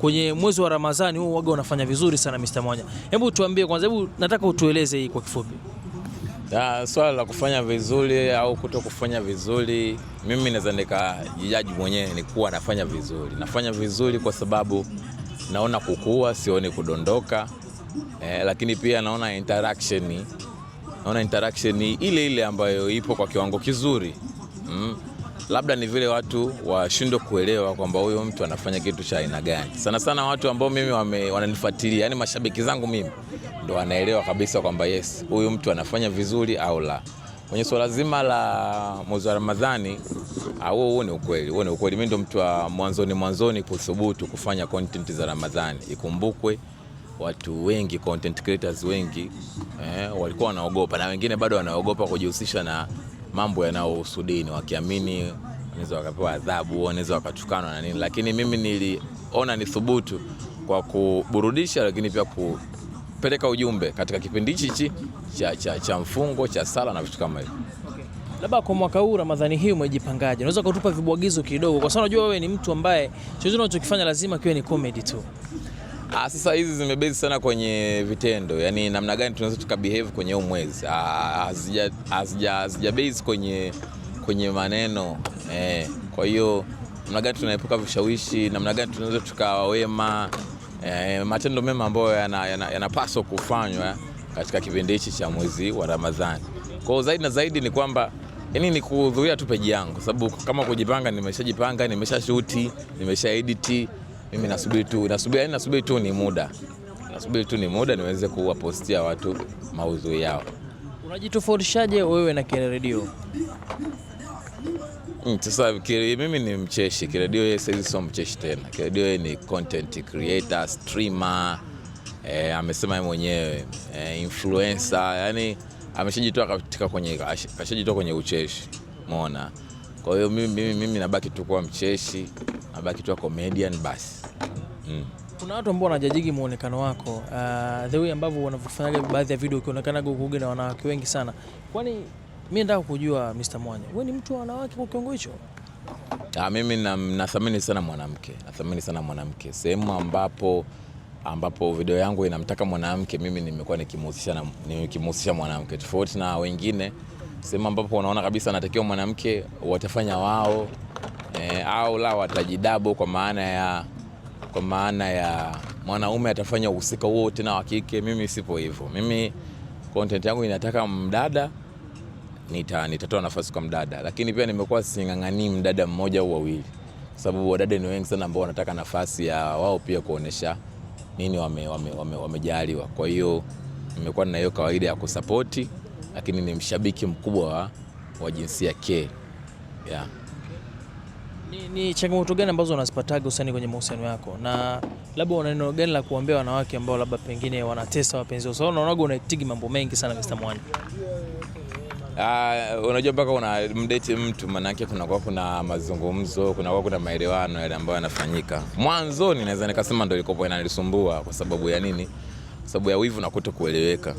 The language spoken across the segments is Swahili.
kwenye mwezi wa Ramadhani huu waga wanafanya vizuri sana Mr. Mwanya. Hebu tuambie kwanza, hebu nataka utueleze hii kwa kifupi. swala la kufanya vizuri au kuto kufanya vizuri, mimi naweza nikajijaji mwenyewe ni kuwa nafanya vizuri. Nafanya vizuri kwa sababu naona kukua, sioni kudondoka eh, lakini pia naona interaction, naona interaction ile ile ambayo ipo kwa kiwango kizuri mm labda ni vile watu washindwe kuelewa kwamba huyo mtu anafanya kitu cha aina gani. Sana sana watu ambao mimi wananifuatilia, yani mashabiki zangu mimi, ndo wanaelewa kabisa kwamba yes, huyu mtu anafanya vizuri au la. Kwenye swala zima la mwezi wa Ramadhani, ah, huo ni ukweli, huo ni ukweli. Mimi ndo mtu wa mwanzoni mwanzoni kuthubutu kufanya content za Ramadhani. Ikumbukwe watu wengi content creators wengi eh, walikuwa wanaogopa na wengine bado wanaogopa kujihusisha na mambo yanayohusu dini, wakiamini wanaweza wakapewa adhabu, wanaweza wakachukanwa na nini, lakini mimi niliona ni thubutu kwa kuburudisha, lakini pia kupeleka ujumbe katika kipindi hichi cha, cha, cha mfungo cha sala na vitu kama hivyo. Labda kwa mwaka huu Ramadhani hii umejipangaje? Unaweza kutupa vibwagizo kidogo, kwa sababu unajua wewe ni mtu ambaye chochote unachokifanya lazima kiwe ni comedy tu. Ah, sasa hizi zimebezi sana kwenye vitendo, yaani namna gani tunaweza tuka behave kwenye huu mwezi, ah, hazija base kwenye kwenye maneno eh. Kwa hiyo namna gani tunaepuka vishawishi, namna gani tunaweza wema eh, matendo mema ambayo yanapaswa yana, yana kufanywa katika kipindi hichi cha mwezi wa Ramadhani. Kwa hiyo zaidi na zaidi ni kwamba yani ni kuhudhuria tu peji yangu, sababu kama kujipanga, nimeshajipanga nimesha shuti nimesha editi mimi nasubiri tu, nasubiri yani, nasubiri tu ni muda, nasubiri tu ni muda niweze kuwapostia watu maudhui yao. Unajitofautishaje wewe na Kiredio? Hmm, sasa mimi ni mcheshi, Kiredio yeye saizi sio mcheshi tena. Kiredio yeye ni content creator, streamer, e, amesema yeye mwenyewe e, influencer, yani ameshajitoa katika kwenye, kwenye ucheshi, mona kwa hiyo mimi, mimi, mimi nabaki tu kuwa mcheshi, nabaki tu comedian basi. Mm. Kuna watu ambao wanajajigi muonekano wako uh, the way ambavyo wanavyofanyaga baadhi ya video ukionekana kuge na wanawake wengi sana. Kwani mimi nataka kujua Mr. Mwanya, wewe ni mtu wa wanawake kwa kiwango hicho? Ah, mimi nathamini sana mwanamke, nathamini sana mwanamke. Sehemu ambapo ambapo video yangu inamtaka mwanamke, mimi nimekuwa nikimhusisha na nikimhusisha mwanamke tofauti na wengine sehemu ambapo wanaona kabisa anatakiwa mwanamke watafanya wao e, au la watajidabo kwa maana ya kwa maana ya mwanaume atafanya uhusika wote na wa kike. Mimi sipo hivyo, mimi content yangu inataka mdada nita, nitatoa nafasi kwa mdada, lakini pia nimekuwa sing'ang'anii mdada mmoja au wawili, sababu wadada ni wengi sana ambao wanataka nafasi ya wao pia kuonesha nini wamejaliwa wame, wame, wame. Kwa hiyo nimekuwa na hiyo kawaida ya kusapoti lakini ni mshabiki mkubwa wa, wa jinsia ke yeah. Ni, ni changamoto gani ambazo unazipataga usani kwenye mahusiano yako, na labda una neno gani la kuambia wanawake ambao labda pengine wanatesa wapenzi wao? Unaonaga unaitigi mambo mengi sana Mr. Mwani. Uh, unajua mpaka una mtu manake kunakuwa kuna mazungumzo, kunakuwa kuna maelewano yale ambayo yanafanyika. Mwanzoni naweza nikasema ndio ilikopo inanisumbua kwa sababu ya nini? Kwa sababu ya wivu na kutokueleweka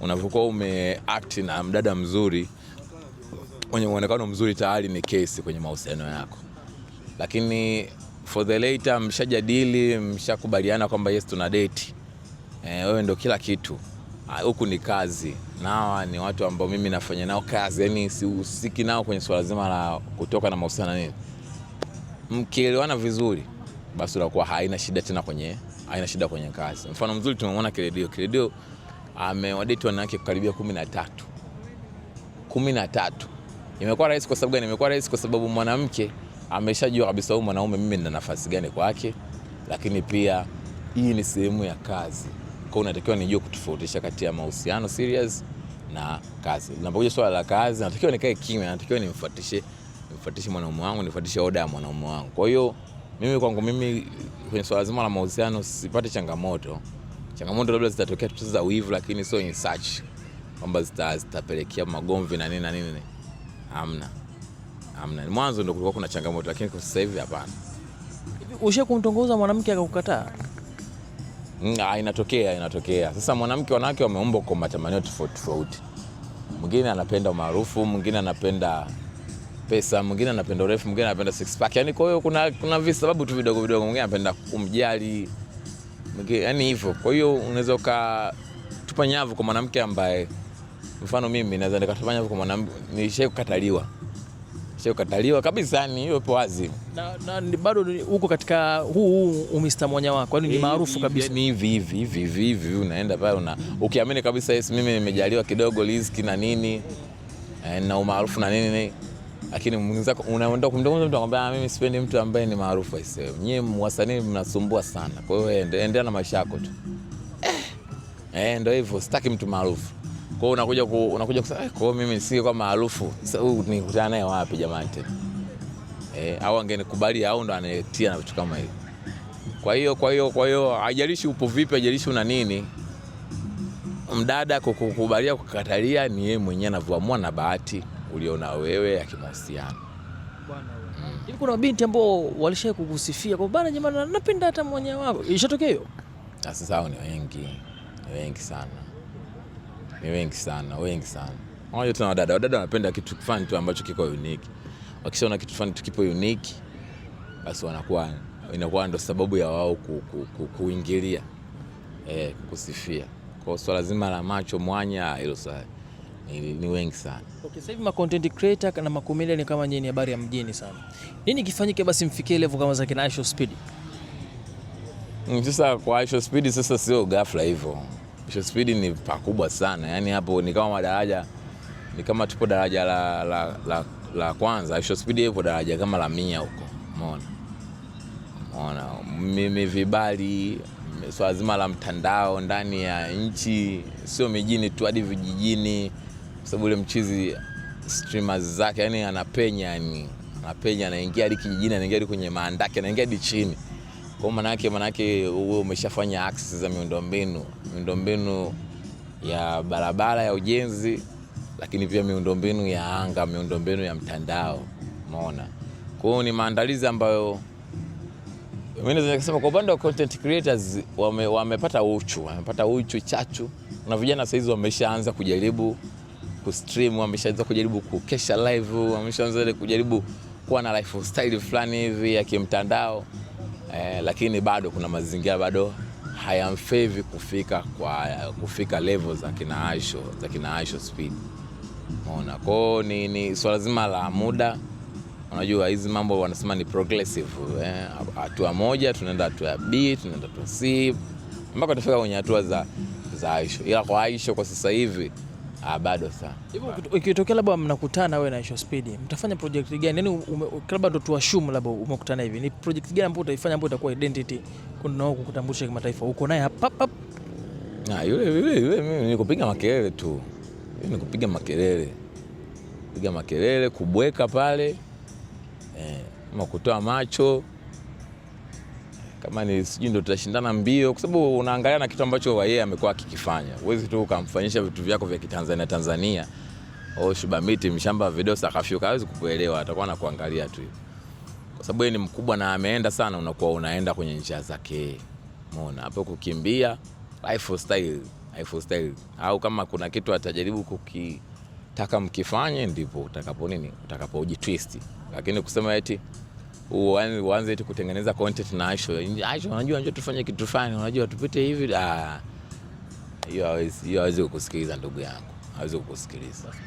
unavyokuwa umeact na mdada mzuri mwenye muonekano mzuri, tayari ni kesi kwenye mahusiano yako, lakini for the later mshajadili, mshakubaliana kwamba yes tuna date eh, wewe ndo kila kitu ah, huku ni kazi na hawa ni watu ambao mimi nafanya nao kazi, yani sihusiki nao kwenye swala zima la kutoka na mahusiano nini. Mkielewana vizuri, basi unakuwa haina shida tena kwenye, haina shida kwenye kazi. Mfano mzuri tumemwona Kiredio. Kiredio amewadeti wanawake kukaribia kumi na tatu kumi na tatu. Imekuwa rahisi kwa sababu gani? Imekuwa rahisi kwa sababu mwanamke ameshajua kabisa huyu mwanaume mimi nina nafasi gani kwake, lakini pia hii ni sehemu ya kazi, kwa unatakiwa nijue kutofautisha kati ya mahusiano serious na kazi. Linapokuja swala la kazi, natakiwa nikae kimya, natakiwa nimfuatishe nimfuatishe mwanaume wangu, nifuatishe oda ya mwanaume wangu. Kwa hiyo mimi kwangu mimi kwenye swala zima la mahusiano sipati changamoto changamoto labda zitatokea tu za wivu, lakini sio in search kwamba zitapelekea magomvi na nini na nini, hamna hamna. Mwanzo ndio kulikuwa kuna changamoto, lakini kwa sasa hivi hapana. Ushe kumtongoza mwanamke akakukataa? Nga, mm, ah, inatokea inatokea. Sasa mwanamke, wanawake wameumbwa kwa matamanio tofauti tofauti. Mwingine anapenda umaarufu, mwingine anapenda pesa, mwingine anapenda urefu, mwingine anapenda six pack. Yani kwa hiyo kuna kuna visababu tu vidogo vidogo, mwingine anapenda kumjali yani hivyo. Kwa hiyo unaweza ukatupa nyavu kwa mwanamke ambaye, mfano mimi naweza nikatupa nyavu kwa mwanamke, nilishakataliwa kukataliwa kabisa, ni hiyo ipo wazi na, na bado huko katika huu umista mwanya wako, yani ni maarufu kabisa, ni hivi hivi hivi hivi hivi, unaenda pale una ukiamini kabisa yes, mimi nimejaliwa kidogo riziki na nini eh, na umaarufu na nini lakini mwenzako unaenda kumdongoza mtu akwambia, ah, mimi sipendi mtu ambaye ni maarufu aisee. Nyie wasanii mnasumbua sana, kwa hiyo endelea na maisha yako tu. Eh, eh ndio hivyo, sitaki mtu maarufu. Kwa hiyo unakuja ku, unakuja kusema eh, kwa hiyo mimi si kwa maarufu. Sasa huyu nikutana naye wapi jamani tena? Eh, au angenikubalia au ndo anetia na vitu kama hivyo. Kwa hiyo kwa hiyo kwa hiyo ajalishi upo vipi, ajalishi una nini, mdada kukubalia kukatalia ni yeye mwenyewe anavyoamua na bahati uliona wewe ya kimahusiano bwana. Mm. Kuna binti ambao walishai kukusifia kwa bana, jamani, napenda hata mwanya wako, ishatokea hiyo? Ah, sasa ni wengi, ni wengi sana, ni wengi sana, wengi sana. Unajua tuna wadada, wadada wanapenda kitu fulani tu ambacho kiko unique. Wakishaona kitu fulani tu kipo unique, basi wanakuwa inakuwa ndo sababu ya wao ku, ku, ku, kuingilia eh, kukusifia. Kwa swala zima la macho mwanya hilo swala ni, ni wengi sana. Okay, sasa hivi ma content creator na ma comedian kama nyinyi ni habari ya mjini sana. Nini kifanyike basi mfikie level kama za kina Aisha Speed? Mm, sasa kwa Aisha Speed sasa sio ghafla hivyo. Aisha Speed ni pakubwa sana. Yaani hapo ni kama madaraja ni kama tupo daraja la, la, la, la kwanza. Aisha Speed ipo daraja kama la mia huko. Umeona? Umeona? Mimi vibali swala so zima la mtandao ndani ya nchi sio mijini tu hadi vijijini kwa sababu ule mchizi streamers zake yani anapenya yani anapenya anaingia hadi kijijini anaingia hadi kwenye maandaki anaingia hadi chini kwa maana yake maana yake wewe umeshafanya access za miundombinu miundombinu ya barabara ya ujenzi lakini pia miundombinu ya anga miundombinu ya mtandao umeona kwa hiyo ni maandalizi ambayo mimi naweza kusema kwa upande wa content creators wame, wamepata uchu wamepata uchu chachu na vijana saizi wameshaanza kujaribu kustream, ameshaanza kujaribu kukesha live, ameshaanza kujaribu kuwa na lifestyle fulani hivi ya kimtandao eh, lakini bado kuna mazingira bado hayamfevi kufika kwa kufika level za kina Aisho za kina Aisho Speed. Unaona, kwao ni, ni swala zima la muda. Unajua hizi mambo wanasema ni progressive eh, hatua moja tunaenda hatua ya B tunaenda hatua C mpaka tufika kwenye hatua za, za Aisho, ila kwa Aisho kwa sasa hivi Ah, bado sana. Hivyo ikitokea labda mnakutana wewe na Isho Speed, mtafanya project gani? Yaani labda ndo tuashumu labda umekutana hivi. Ni project gani ambayo utaifanya ambayo itakuwa identity kundi nao kukutambulisha kimataifa. Uko naye hapa hapa. Na yule yule yule mimi nikupiga makelele tu. Mimi nikupiga makelele. Piga makelele kubweka pale. Eh, kutoa macho kama ni sijui ndo tutashindana mbio, kwa sababu unaangalia na kitu ambacho yeye amekuwa akikifanya. Huwezi tu ukamfanyisha vitu vyako vya Kitanzania Tanzania au oh, Shubamiti mshamba video sakafyuka, hawezi kukuelewa, atakuwa anakuangalia tu, kwa sababu yeye ni mkubwa na ameenda sana, unakuwa unaenda kwenye njia zake. Umeona hapo kukimbia lifestyle, lifestyle au kama kuna kitu atajaribu kukitaka mkifanye, ndipo utakapo nini, utakapojitwist, lakini kusema eti uanze tu kutengeneza content na Aisha. Aisha, unajua unajua tufanye kitu fulani, unajua tupite hivi. Ah, hiyo hawezi kukusikiliza ndugu yangu, hawezi kukusikiliza.